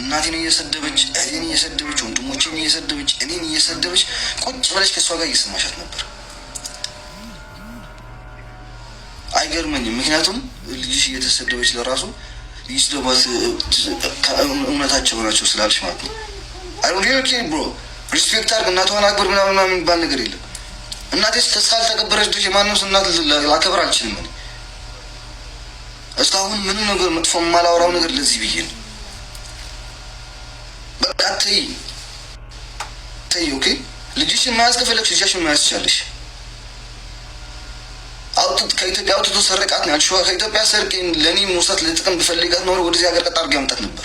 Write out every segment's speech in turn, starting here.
እናቴን እየሰደበች እኔን እየሰደበች ወንድሞቼን እየሰደበች እኔን እየሰደበች ቁጭ ብለች ከእሷ ጋር እየሰማሻት ነበር። አይገርመኝም። ምክንያቱም ልጅሽ እየተሰደበች ለራሱ ልጅ ደባት እውነታቸው ናቸው ስላልሽ ማለት ነው። አይ ብሮ ሪስፔክት አድርግ፣ እናቷን አክብር ምናምን ምናምን የሚባል ነገር የለም። እናቴ እስካልተቀበረች ድረስ የማንም እናት ላከብር አልችልም። እስካሁን ምንም ነገር መጥፎ የማላወራው ነገር ለዚህ ብዬ ነው። አትይ ተይ። ኦኬ ልጅሽን መያዝ ከፈለግሽ ልጃሽን መያዝ ትችላለሽ። ከኢትዮጵያ አውጥቶ ሰረቃት ነው ያልሽው። ከኢትዮጵያ ሰርቄን ለእኔ መውሰት ለጥቅም ብፈልጋት ኖሮ ወደዚህ ሀገር ቀጥ አድርጌ አምጣት ነበር።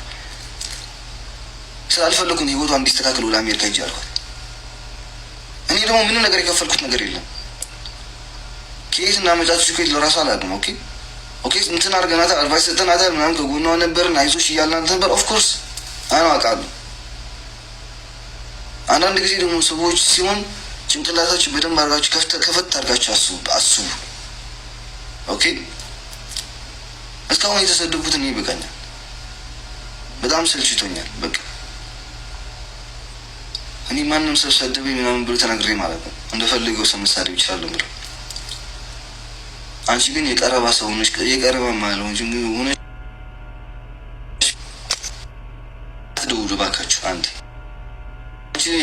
ስላልፈለኩ ነው ህይወቷ እንዲስተካከል ወደ አሜሪካ ሂጅ አልኳት። እኔ ደግሞ ምንም ነገር የከፈልኩት ነገር የለም። ከየት እናመጫችሁ ከየት ለራሱ አላውቅም። ኦኬ ኦኬ እንትን አድርገናታል፣ አድቫይስ ሰጠናታል፣ ምናምን ከጎኗ ነበርን፣ አይዞሽ እያልናት ነበር። ኦፍኮርስ አይ ነው አውቃለሁ አንዳንድ ጊዜ ደግሞ ሰዎች ሲሆን ጭንቅላታችሁ በደንብ አድርጋችሁ ከፈት አድርጋችሁ አስቡ አስቡ። ኦኬ እስካሁን የተሰደቡት እኔ ይበቃኛል፣ በጣም ሰልችቶኛል። በቃ እኔ ማንም ሰው ሰደበኝ ምናምን ብሎ ተናግሬ ማለት ነው እንደፈልገው ሰው መሳደብ ይችላሉ ብለው አንቺ ግን የቀረባ ሰው ነች። የቀረባ ማለው እንጂ ሆነሽ ደውሉ እባካችሁ አንድ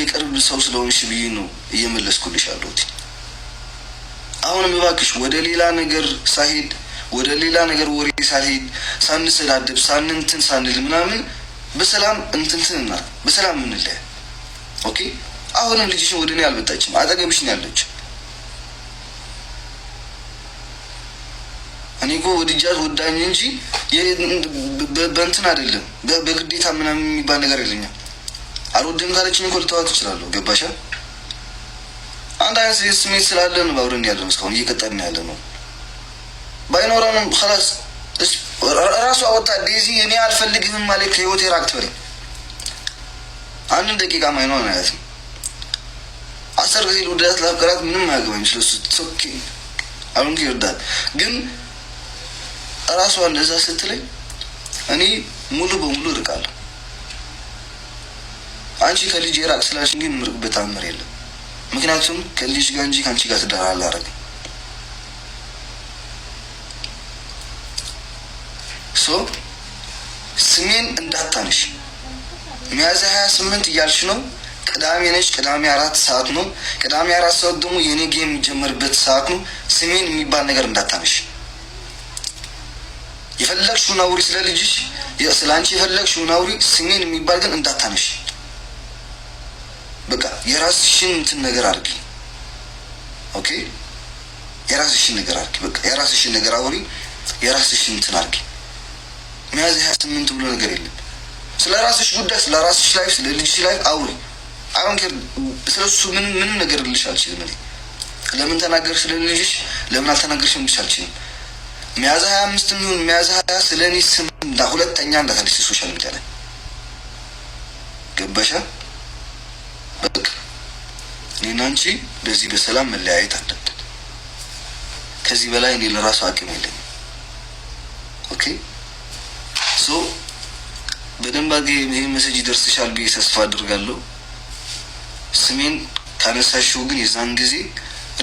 የቅርብ ሰው ስለሆንሽ ብዬ ነው እየመለስኩልሽ አለሁት። አሁንም እባክሽ ወደ ሌላ ነገር ሳሄድ ወደ ሌላ ነገር ወሬ ሳሄድ ሳንሰዳደብ ሳንንትን ሳንል ምናምን በሰላም እንትንትን በሰላም ምንለ ኦኬ። አሁንም ልጅሽን ወደ እኔ አልመጣችም፣ አጠገብሽ ነው ያለችው። እኔ እኮ ወድጃት ወዳኝ እንጂ በእንትን አይደለም በግዴታ ምናምን የሚባል ነገር የለኛም። አልወድም ካለችኝ እኮ ልተዋት እችላለሁ። ገባሻ? አንድ አይነት ስሜት ስላለን አብረን ያለን እስካሁን እየቀጠልን ያለ ነው። ባይኖረንም ላስ ራሷ ወጣ ዴዚ እኔ አልፈልግህም ማለት ከህይወቴ ራቅ ትበለኝ። አንድን ደቂቃ ማይኖር ናያት አስር ጊዜ ልውዳት ላፍቀራት ምንም አያገባኝ ስለሱ ቶኪ አሁን ይርዳል። ግን ራሷ እንደዛ ስትለኝ እኔ ሙሉ በሙሉ እርቃለሁ። አንቺ ከልጅ የራቅ ስላችን ግን የምርቅበት በታምር የለም። ምክንያቱም ከልጅ ጋር እንጂ ከአንቺ ጋር ትዳር አላረግም። ሶ ስሜን እንዳታነሽ ሚያዝያ ሀያ ስምንት እያልሽ ነው። ቅዳሜ ነች። ቅዳሜ አራት ሰዓት ነው። ቅዳሜ አራት ሰዓት ደግሞ የኔ ጌም የሚጀመርበት ሰዓት ነው። ስሜን የሚባል ነገር እንዳታነሽ። የፈለግሽውን አውሪ ስለ ልጅሽ፣ ስለ አንቺ የፈለግሽውን አውሪ። ስሜን የሚባል ግን እንዳታነሽ። በቃ የራስሽን እንትን ነገር አድርጊ። ኦኬ የራስሽን ነገር አድርጊ። በቃ የራስሽን ነገር አውሪ፣ የራስሽን እንትን አድርጊ። ሚያዝያ ሀያ ስምንት ብሎ ነገር የለም። ስለ ራስሽ ጉዳይ፣ ስለ ራስሽ ላይፍ፣ ስለ ልጅሽ ላይፍ አውሪ። አሁን ስለ እሱ ምንም ምንም ነገር ልልሽ አልችልም እኔ ለምን ተናገር ስለ ልጅሽ ለምን አልተናገርሽ ልልሽ አልችልም። ሚያዝያ ሀያ አምስት ሚሆን ሚያዝያ ሀያ ስለ እኔ ስም ሁለተኛ እንዳታለች ሶሻል ሚዲያ ላይ ገበሻ እኔና አንቺ በዚህ በሰላም መለያየት አለብን። ከዚህ በላይ እኔ ለራሱ አቅም የለኝ። ኦኬ ሶ በደንብ አገ ይህ መሰጅ ይደርስሻል ብዬ ተስፋ አድርጋለሁ። ስሜን ካነሳሽው ግን የዛን ጊዜ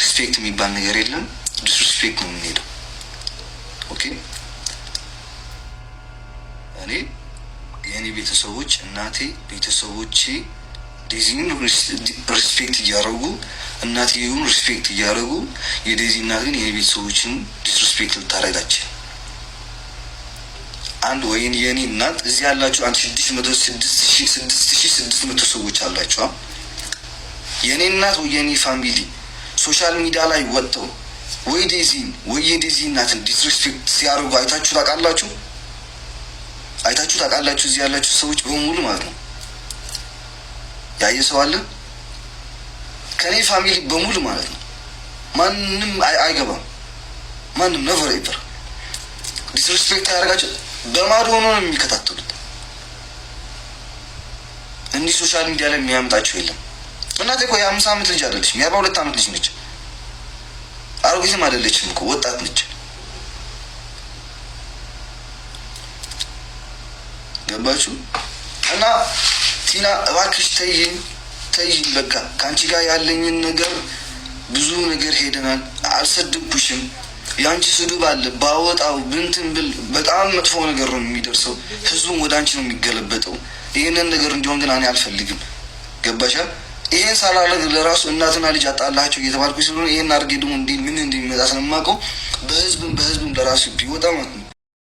ሪስፔክት የሚባል ነገር የለም። ዲስሪስፔክት ነው የምንሄደው። ኦኬ እኔ የእኔ ቤተሰቦች እናቴ ቤተሰቦቼ ዴዚን ሪስፔክት እያደረጉ እናትየውን ሪስፔክት እያደረጉ የዴዚ እናት ግን የቤተሰቦችን ዲስሪስፔክት ልታደረጋችን አንድ ወይን የእኔ እናት እዚህ ያላችሁ አንድ ስድስት መቶ ስድስት ሺ ስድስት ሺ ስድስት መቶ ሰዎች አላችሁ። የእኔ እናት ወይ የእኔ ፋሚሊ ሶሻል ሚዲያ ላይ ወጥተው ወይ ዴዚን ወይ የዴዚ እናትን ዲስሪስፔክት ሲያደርጉ አይታችሁ ታውቃላችሁ? አይታችሁ ታውቃላችሁ? እዚህ ያላችሁ ሰዎች በሙሉ ማለት ነው። ያየ ሰው አለ? ከኔ ፋሚሊ በሙሉ ማለት ነው። ማንም አይገባም። ማንም ነቨር ኤቨር ዲስሪስፔክት ያደርጋቸው። በማዶ ሆኖ ነው የሚከታተሉት። እንዲህ ሶሻል ሚዲያ ላይ የሚያምጣቸው የለም። እናቴ እኮ የአምስት ዓመት ልጅ አይደለችም፣ የአርባ ሁለት ዓመት ልጅ ነች። አሮጊትም አይደለችም እኮ ወጣት ነች። ገባችሁ እና ቲና እባክሽ ተይኝ ተይኝ፣ በቃ ከአንቺ ጋር ያለኝን ነገር ብዙ ነገር ሄደናል። አልሰድብኩሽም። የአንቺ ስድብ አለ ባወጣው ብንትን ብል በጣም መጥፎ ነገር ነው የሚደርሰው። ህዝቡም ወደ አንቺ ነው የሚገለበጠው። ይህንን ነገር እንዲሆን ግን እኔ አልፈልግም። ገባሻል? ይህን ሳላረግ ለራሱ እናትና ልጅ አጣላቸው እየተባልኩ ስለሆነ ይህን አድርጌ ደግሞ ምን እንዲመጣ ስለማውቀው በህዝብም በህዝብም ለራሱ ቢወጣ ማለት ነው